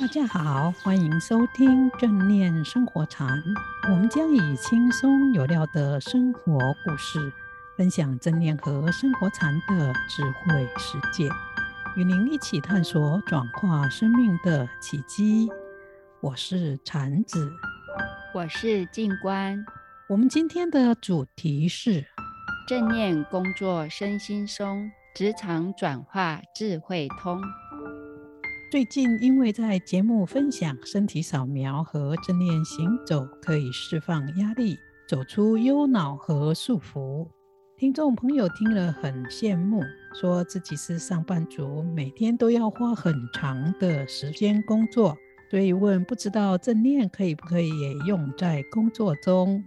大家好，歡迎收聽正念生活禪。我們將以輕鬆有料的生活故事，分享正念和生活禪的智慧實踐，與您一起探索轉化生命的奇跡。我是禪子，我是靜觀。我們今天的主題是：正念工作身心鬆，職場轉化智慧通。最近因為在節目分享身體掃描和正念行走可以釋放壓力、走出憂惱和束縛，聽眾朋友聽了很羨慕，說自己是上班族，每天都要花很長的時間工作，所以問不知道正念可以不可以也用在工作中？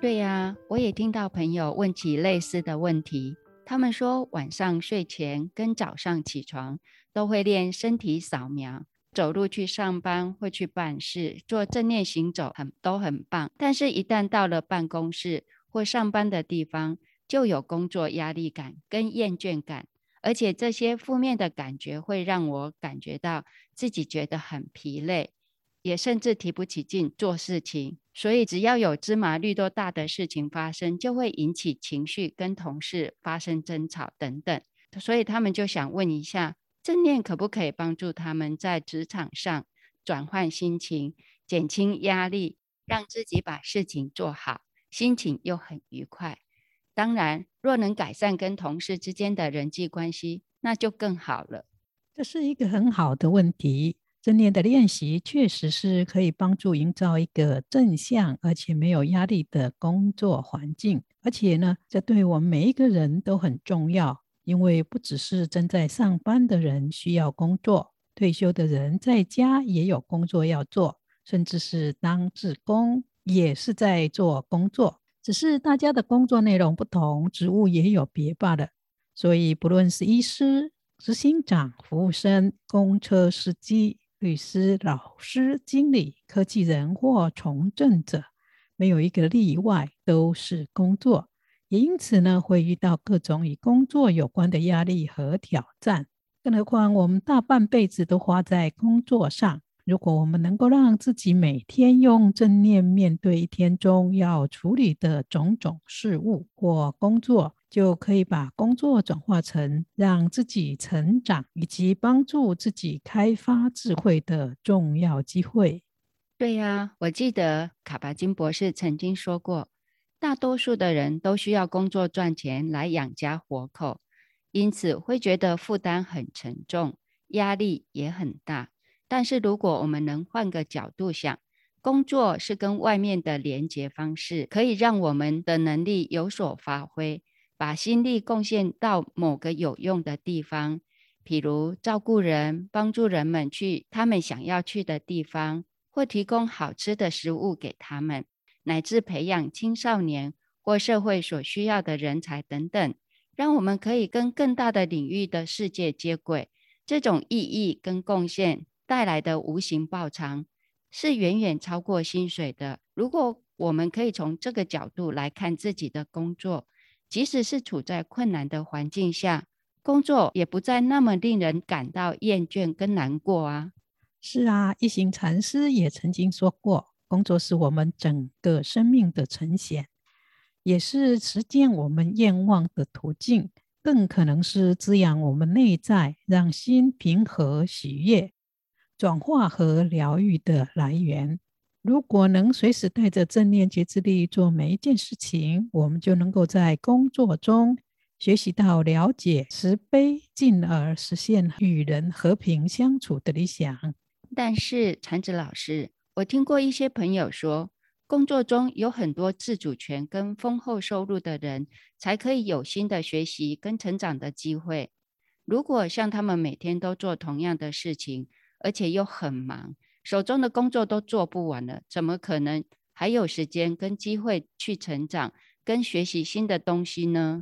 對呀、啊，我也聽到朋友問起類似的問題。他們說，晚上睡前跟早上起床都會練身體掃描，走路去上班或去辦事，做正念行走很都很棒。但是，一旦到了辦公室或上班的地方，就有工作壓力感跟厭倦感，而且這些負面的感覺會讓我感覺到自己覺得很疲累。也甚至提不起勁做事情，所以只要有芝麻綠豆大的事情發生，就會引起情緒，跟同事發生爭吵等等。所以他們就想問一下，正念可不可以幫助他們在職場上轉換心情，減輕壓力，讓自己把事情做好，心情又很愉快？當然，若能改善跟同事之間的人際關係，那就更好了。這是一個很好的問題。正念的練習確實是可以幫助營造一個正向而且沒有壓力的工作環境，而且呢，這對我們每一個人都很重要，因為不只是正在上班的人需要工作，退休的人在家也有工作要做，甚至是當志工也是在做工作，只是大家的工作內容不同，職務也有別罷了。所以，不論是醫師、執行長、服務生、公車司機，律師、老師、經理、科技人或從政者，沒有一個例外，都是工作，也因此呢，會遇到各種與工作有關的壓力和挑戰。更何況，我們大半輩子都花在工作上。如果我們能夠讓自己每天用正念面對一天中要處理的種種事務或工作，就可以把工作轉化成讓自己成長以及幫助自己開發智慧的重要機會。對呀，我記得卡巴金博士曾經說過，大多數的人都需要工作賺錢來養家活口，因此會覺得負擔很沉重，壓力也很大。但是如果我們能換個角度想，工作是跟外面的連接方式，可以讓我們的能力有所發揮。把心力貢獻到某個有用的地方，譬如照顧人、幫助人們去他們想要去的地方，或提供好吃的食物給他們，乃至培養青少年或社會所需要的人才等等，讓我們可以跟更大的領域的世界接軌。這種意義跟貢獻帶來的無形報償是遠遠超過薪水的。如果我們可以從這個角度來看自己的工作。即使是處在困難的環境下，工作也不再那麼令人感到厭倦跟難過啊！是啊，一行禪師也曾經說過，工作是我們整個生命的呈現，也是實踐我們願望的途徑，更可能是滋養我們內在、讓心平和喜悅、轉化和療癒的來源。如果能隨時帶着正念覺知力做每一件事情，我們就能夠在工作中學習到了解慈悲，進而實現與人和平相處的理想。但是禪子老師，我聽過一些朋友說，工作中有很多自主權跟豐厚收入的人才可以有新的學習跟成長的機會。如果像他們每天都做同樣的事情，而且又很忙，手中的工作都做不完了，怎麼可能還有時間跟機會去成長跟學習新的東西呢？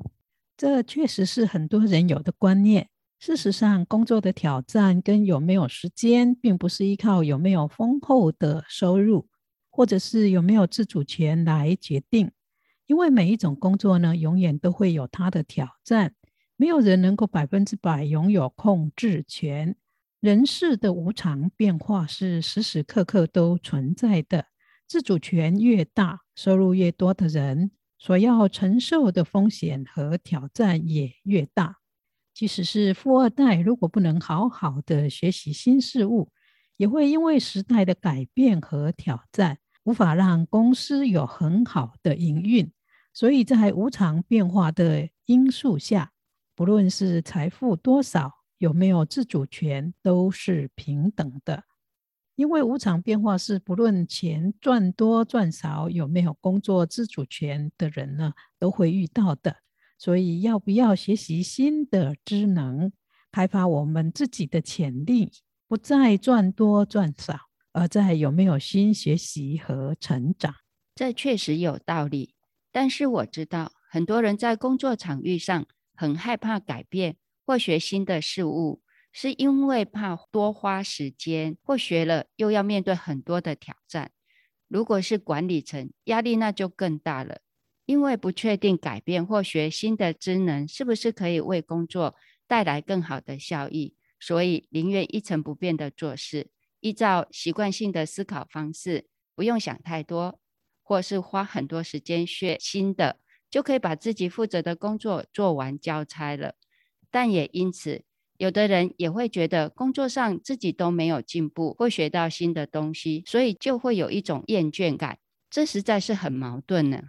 這確實是很多人有的觀念。事實上，工作的挑戰跟有沒有時間，並不是依靠有沒有豐厚的收入，或者是有沒有自主權來決定。因為每一種工作呢，永遠都會有它的挑戰，沒有人能夠百分之百擁有控制權。人事的無常變化是時時刻刻都存在的。自主權越大，收入越多的人，所要承受的風險和挑戰也越大。即使是富二代，如果不能好好的學習新事物，也會因為時代的改變和挑戰，無法讓公司有很好的營運。所以在無常變化的因素下，不論是財富多少，有沒有自主權都是平等的，因為無常變化是不論錢賺多賺少，有沒有工作自主權的人呢，都會遇到的。所以，要不要學習新的知能，開發我們自己的潛力，不在賺多賺少，而在有沒有新學習和成長？這確實有道理。但是我知道很多人在工作場域上很害怕改變。或學新的事物，是因為怕多花時間，或學了又要面對很多的挑戰。如果是管理層，壓力那就更大了，因為不確定改變或學新的職能是不是可以為工作帶來更好的效益，所以寧願一成不變的做事，依照習慣性的思考方式，不用想太多，或是花很多時間學新的，就可以把自己負責的工作做完交差了。但也因此，有的人也會覺得工作上自己都沒有進步或學到新的東西，所以就會有一種厭倦感。這實在是很矛盾呢。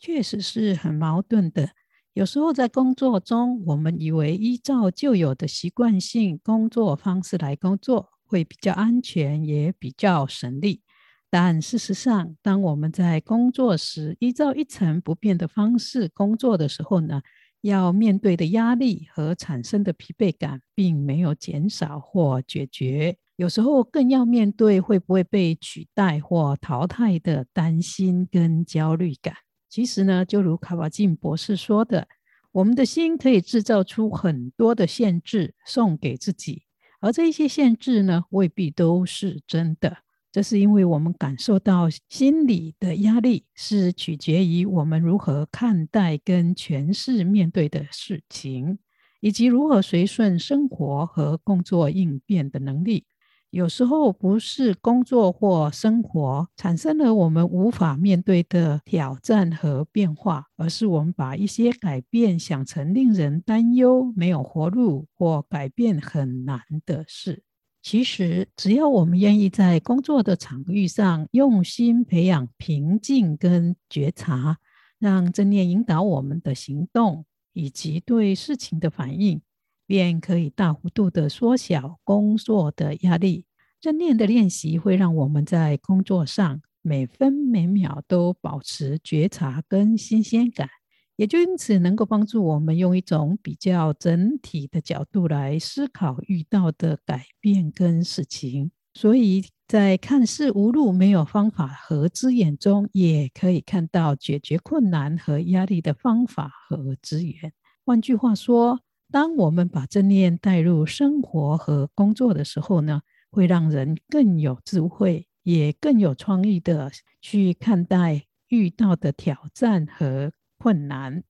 確實是很矛盾的。有時候在工作中，我們以為依照舊有的習慣性工作方式來工作，會比較安全，也比較省力。但事實上，當我們在工作時依照一成不變的方式工作的時候呢，要面對的壓力和產生的疲憊感，並沒有減少或解決，有時候更要面對會不會被取代或淘汰的擔心跟焦慮感。其實呢，就如卡巴金博士說的，我們的心可以制造出很多的限制送給自己，而這一些限制呢，未必都是真的。這是因為我們感受到心理的壓力，是取決於我們如何看待跟詮釋面對的事情，以及如何隨順生活和工作應變的能力。有時候不是工作或生活產生了我們無法面對的挑戰和變化，而是我們把一些改變想成令人擔憂、沒有活路或改變很難的事。其實，只要我們願意在工作的場域上用心培養平靜跟覺察，讓正念引導我們的行動以及對事情的反應，便可以大幅度的縮小工作的壓力。正念的練習會讓我們在工作上每分每秒都保持覺察跟新鮮感。也就因此能夠幫助我們用一種比較整體的角度來思考遇到的改變跟事情，所以在看似無路、沒有方法和資源中，也可以看到解決困難和壓力的方法和資源。換句話說，當我們把正念帶入生活和工作的時候呢，會讓人更有智慧，也更有創意的去看待遇到的挑戰和困難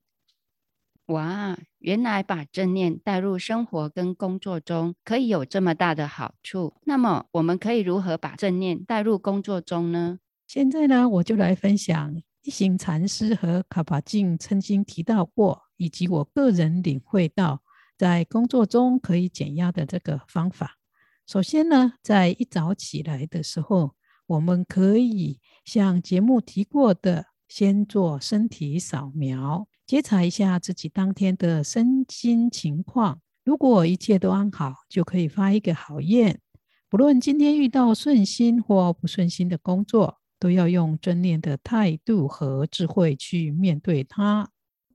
哇！原來把正念帶入生活跟工作中，可以有這麼大的好處。那麼，我們可以如何把正念帶入工作中呢？現在呢，我就來分享一行禪師和卡巴金曾經提到過，以及我個人領會到，在工作中可以減壓的這個方法。首先呢，在一早起來的時候，我們可以像節目提過的。先做身體掃描，覺察一下自己當天的身心情況。如果一切都安好，就可以發一個好願。不論今天遇到順心或不順心的工作，都要用正念的態度和智慧去面對它。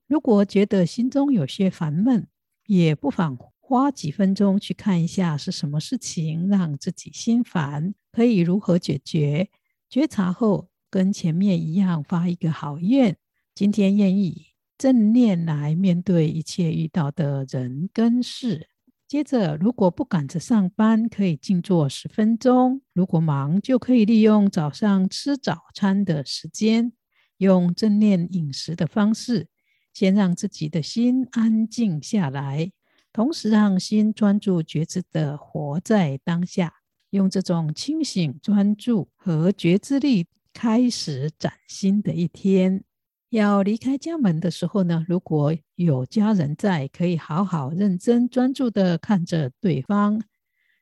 如果覺得心中有些煩悶，也不妨花幾分鐘去看一下是什麼事情讓自己心煩，可以如何解決？覺察後。跟前面一樣，發一個好願。今天願以正念來面對一切遇到的人跟事。接着，如果不趕着上班，可以靜坐十分鐘；如果忙，就可以利用早上吃早餐的時間，用正念飲食的方式，先讓自己的心安靜下來，同時讓心專注、覺知的活在當下。用這種清醒、專注和覺知力。開始嶄新的一天，要離開家門的時候呢，如果有家人在，可以好好認真專注的看着對方，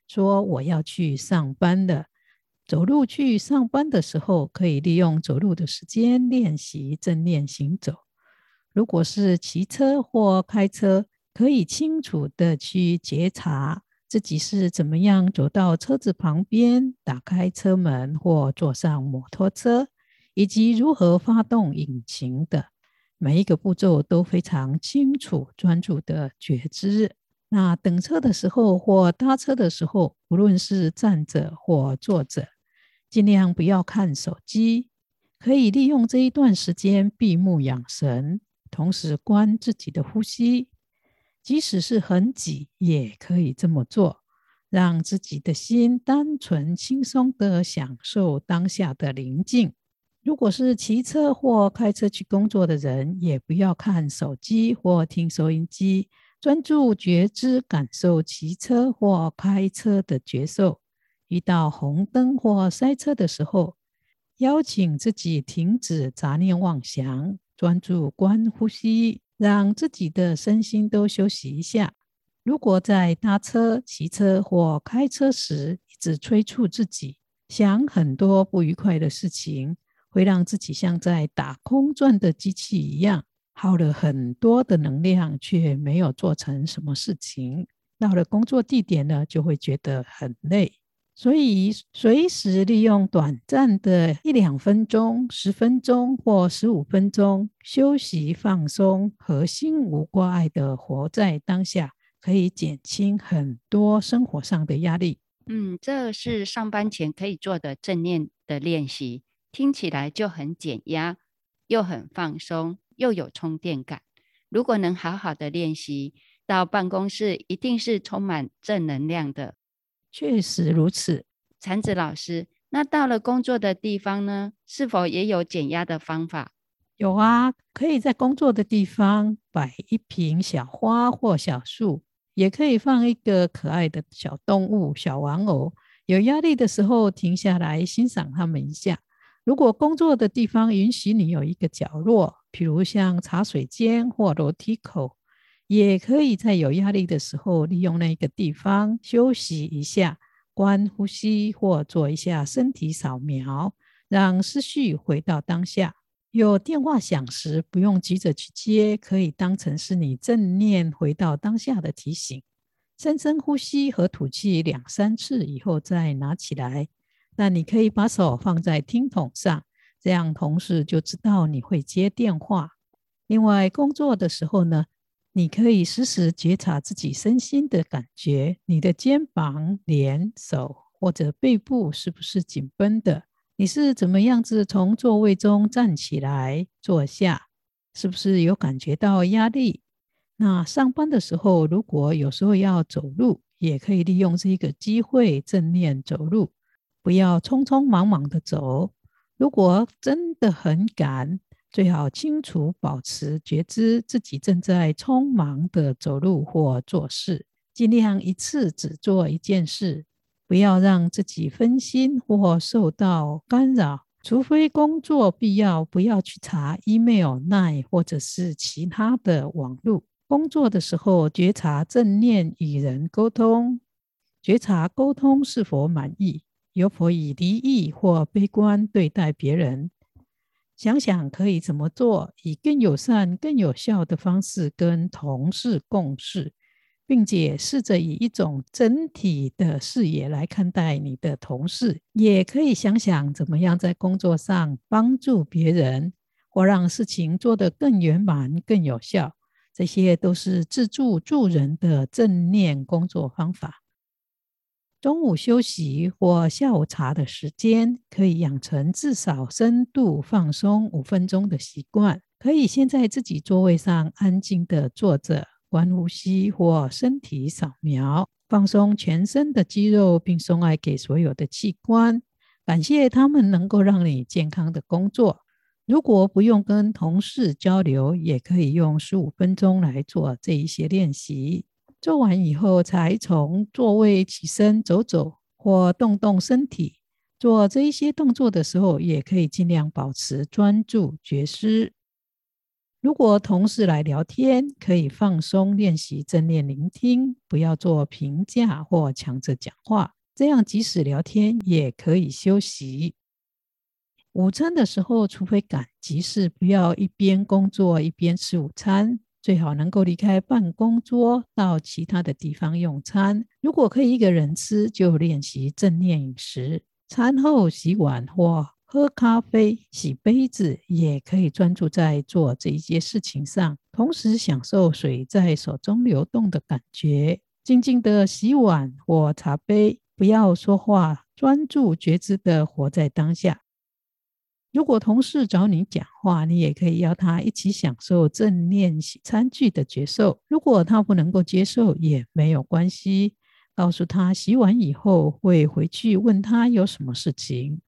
說我要去上班了。走路去上班的時候，可以利用走路的時間練習正念行走。如果是騎車或開車，可以清楚的去覺察。自己是怎麼樣走到車子旁邊，打開車門或坐上摩托車，以及如何發動引擎的，每一個步驟都非常清楚、專注的覺知。那等車的時候或搭車的時候，不論是站着或坐着，盡量不要看手機，可以利用這一段時間閉目養神，同時觀自己的呼吸。即使是很擠，也可以這麼做，讓自己的心單純、輕鬆地享受當下的寧靜。如果是騎車或開車去工作的人，也不要看手機或聽收音機，專注覺知，感受騎車或開車的覺受。遇到紅燈或塞車的時候，邀請自己停止雜念妄想，專注觀呼吸。讓自己的身心都休息一下。如果在搭車、騎車或開車時，一直催促自己，想很多不愉快的事情，會讓自己像在打空轉的機器一樣，耗了很多的能量，卻沒有做成什麼事情。到了工作地點呢，就會覺得很累。所以，隨時利用短暫的一兩分鐘、十分鐘或十五分鐘休息放鬆，和心無掛礙的活在當下，可以減輕很多生活上的壓力。嗯，這是上班前可以做的正念的練習，聽起來就很減壓，又很放鬆，又有充電感。如果能好好的練習，到辦公室一定是充滿正能量的。確實如此，禪子老師。那到了工作的地方呢？是否也有減壓的方法？有啊，可以在工作的地方擺一瓶小花或小樹，也可以放一個可愛的小動物、小玩偶。有壓力的時候，停下來欣賞它們一下。如果工作的地方允許你有一個角落，比如像茶水間或樓梯口。也可以在有壓力的時候，利用那一個地方休息一下，觀呼吸或做一下身體掃描，讓思緒回到當下。有電話響時，不用急着去接，可以當成是你正念回到當下的提醒。深深呼吸和吐氣兩三次以後，再拿起來。那你可以把手放在聽筒上，這樣同事就知道你會接電話。另外，工作的時候呢？你可以時時覺察自己身心的感覺，你的肩膀、臉、手或者背部是不是緊繃的？你是怎麼樣子從座位中站起來、坐下，是不是有感覺到壓力？那上班的時候，如果有時候要走路，也可以利用這一個機會正念走路，不要匆匆忙忙的走。如果真的很趕，最好清楚保持覺知，自己正在匆忙的走路或做事，盡量一次只做一件事，不要讓自己分心或受到干擾。除非工作必要，不要去查 email、line 或者是其他的網絡。工作的時候，覺察正念，與人溝通，覺察溝通是否滿意，有否以敵意或悲觀對待別人。想想可以怎麼做，以更友善、更有效的方式跟同事共事，並且試着以一種整體的視野來看待你的同事。也可以想想怎麼樣在工作上幫助別人，或讓事情做得更圓滿、更有效。這些都是自助助人的正念工作方法。中午休息或下午茶的時間，可以養成至少深度放鬆五分鐘的習慣。可以先在自己座位上安靜的坐着，觀呼吸或身體掃描，放鬆全身的肌肉，並送愛給所有的器官，感謝他們能夠讓你健康的工作。如果不用跟同事交流，也可以用十五分鐘來做這一些練習。做完以後，才從座位起身走走或動動身體。做這一些動作的時候，也可以盡量保持專注覺知。如果同事來聊天，可以放鬆練習正念聆聽，不要做評價或搶著講話。這樣即使聊天，也可以休息。午餐的時候，除非趕急事，不要一邊工作一邊吃午餐。最好能夠離開辦公桌，到其他的地方用餐。如果可以一個人吃，就練習正念飲食。餐後洗碗或喝咖啡、洗杯子，也可以專注在做這一些事情上，同時享受水在手中流動的感覺。靜靜的洗碗或茶杯，不要說話，專注覺知的活在當下。如果同事找你講話，你也可以邀他一起享受正念洗餐具的節奏。如果他不能夠接受，也沒有關係，告訴他洗完以後會回去問他有什麼事情。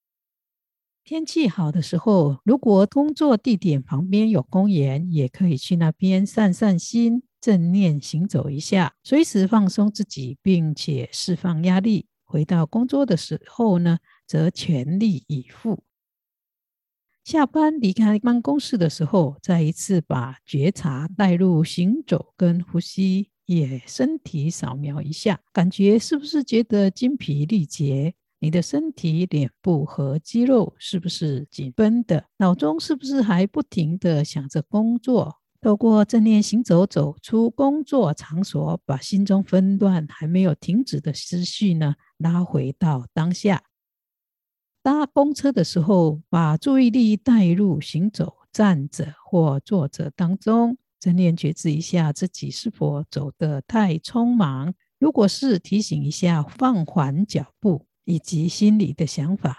天氣好的時候，如果工作地點旁邊有公園，也可以去那邊散散心，正念行走一下，隨時放鬆自己，並且釋放壓力。回到工作的時候呢，則全力以赴。下班離開辦公室的時候，再一次把覺察帶入行走跟呼吸，也身體掃描一下，感覺是不是覺得精疲力竭？你的身體、臉部和肌肉是不是緊繃的？腦中是不是還不停地想着工作？透過正念行走走出工作場所，把心中分段還沒有停止的思緒呢，拉回到當下。搭公車的時候，把注意力帶入行走、站着或坐着當中，正念覺知一下自己是否走得太匆忙。如果是，提醒一下放緩腳步以及心裡的想法。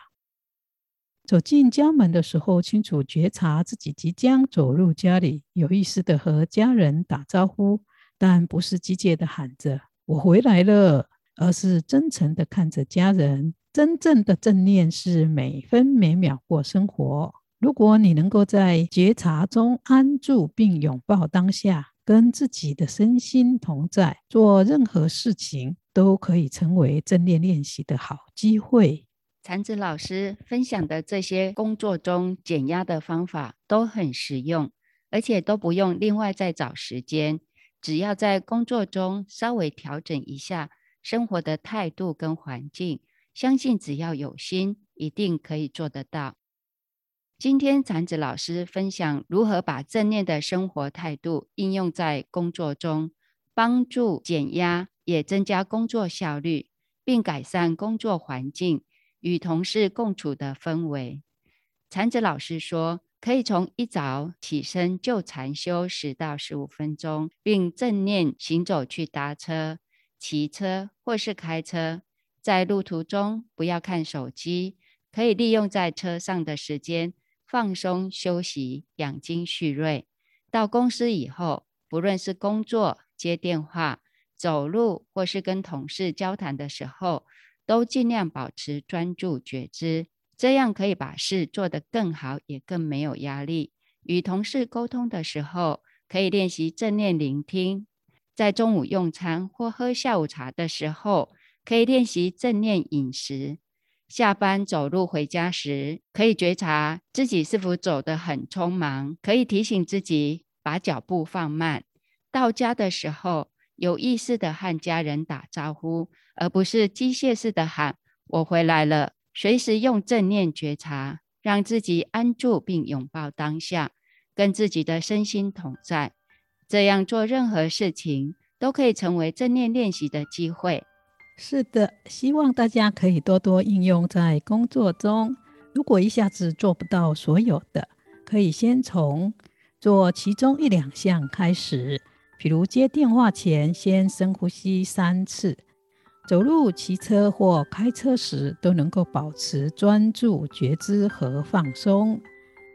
走進家門的時候，清楚覺察自己即將走入家裡，有意識的和家人打招呼，但不是機械的喊着“我回來了”，而是真誠的看着家人。真正的正念是每分每秒過生活。如果你能夠在覺察中安住，並擁抱當下，跟自己的身心同在，做任何事情都可以成為正念練，練習的好機會。禪子老師分享的這些工作中減壓的方法都很實用，而且都不用另外再找時間，只要在工作中稍微調整一下生活的態度跟環境。相信只要有心，一定可以做得到。今天禪子老師分享如何把正念的生活態度應用在工作中，幫助減壓，也增加工作效率，並改善工作環境與同事共處的氛圍。禪子老師說，可以從一早起身就禪修十到十五分鐘，並正念行走去搭車、騎車或是開車。在路途中不要看手機，可以利用在車上的時間放鬆休息、養精蓄銳。到公司以後，不論是工作、接電話、走路或是跟同事交談的時候，都盡量保持專注覺知，這樣可以把事做得更好，也更沒有壓力。與同事溝通的時候，可以練習正念聆聽，在中午用餐或喝下午茶的時候，可以練習正念飲食。下班走路回家時，可以覺察自己是否走得很匆忙，可以提醒自己把腳步放慢。到家的時候，有意識地和家人打招呼，而不是機械式地喊“我回來了”。隨時用正念覺察，讓自己安住並擁抱當下，跟自己的身心同在。這樣做任何事情都可以成為正念練習的機會。是的，希望大家可以多多應用在工作中。如果一下子做不到所有的，可以先從做其中一兩項開始，比如接電話前先深呼吸三次，走路、騎車或開車時都能夠保持專注、覺知和放鬆。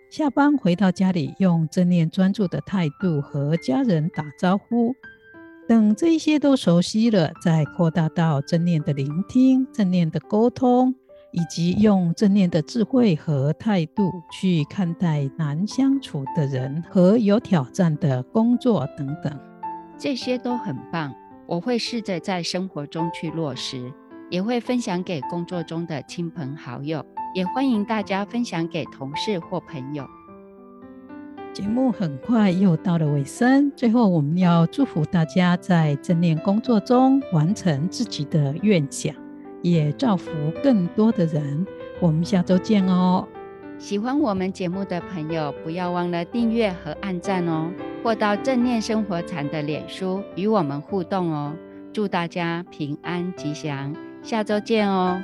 下班回到家裡，用正念專注的態度和家人打招呼。等這些都熟悉了，再擴大到正念的聆聽、正念的溝通，以及用正念的智慧和態度去看待難相處的人和有挑戰的工作等等，這些都很棒。我會試着在生活中去落實，也會分享給工作中的親朋好友，也歡迎大家分享給同事或朋友。節目很快又到了尾聲，最後我們要祝福大家在正念工作中完成自己的願想，也造福更多的人。我們下周見哦！喜歡我們節目的朋友，不要忘了訂閱和按讚哦，或到正念生活禪的臉書與我們互動哦。祝大家平安吉祥，下周見哦！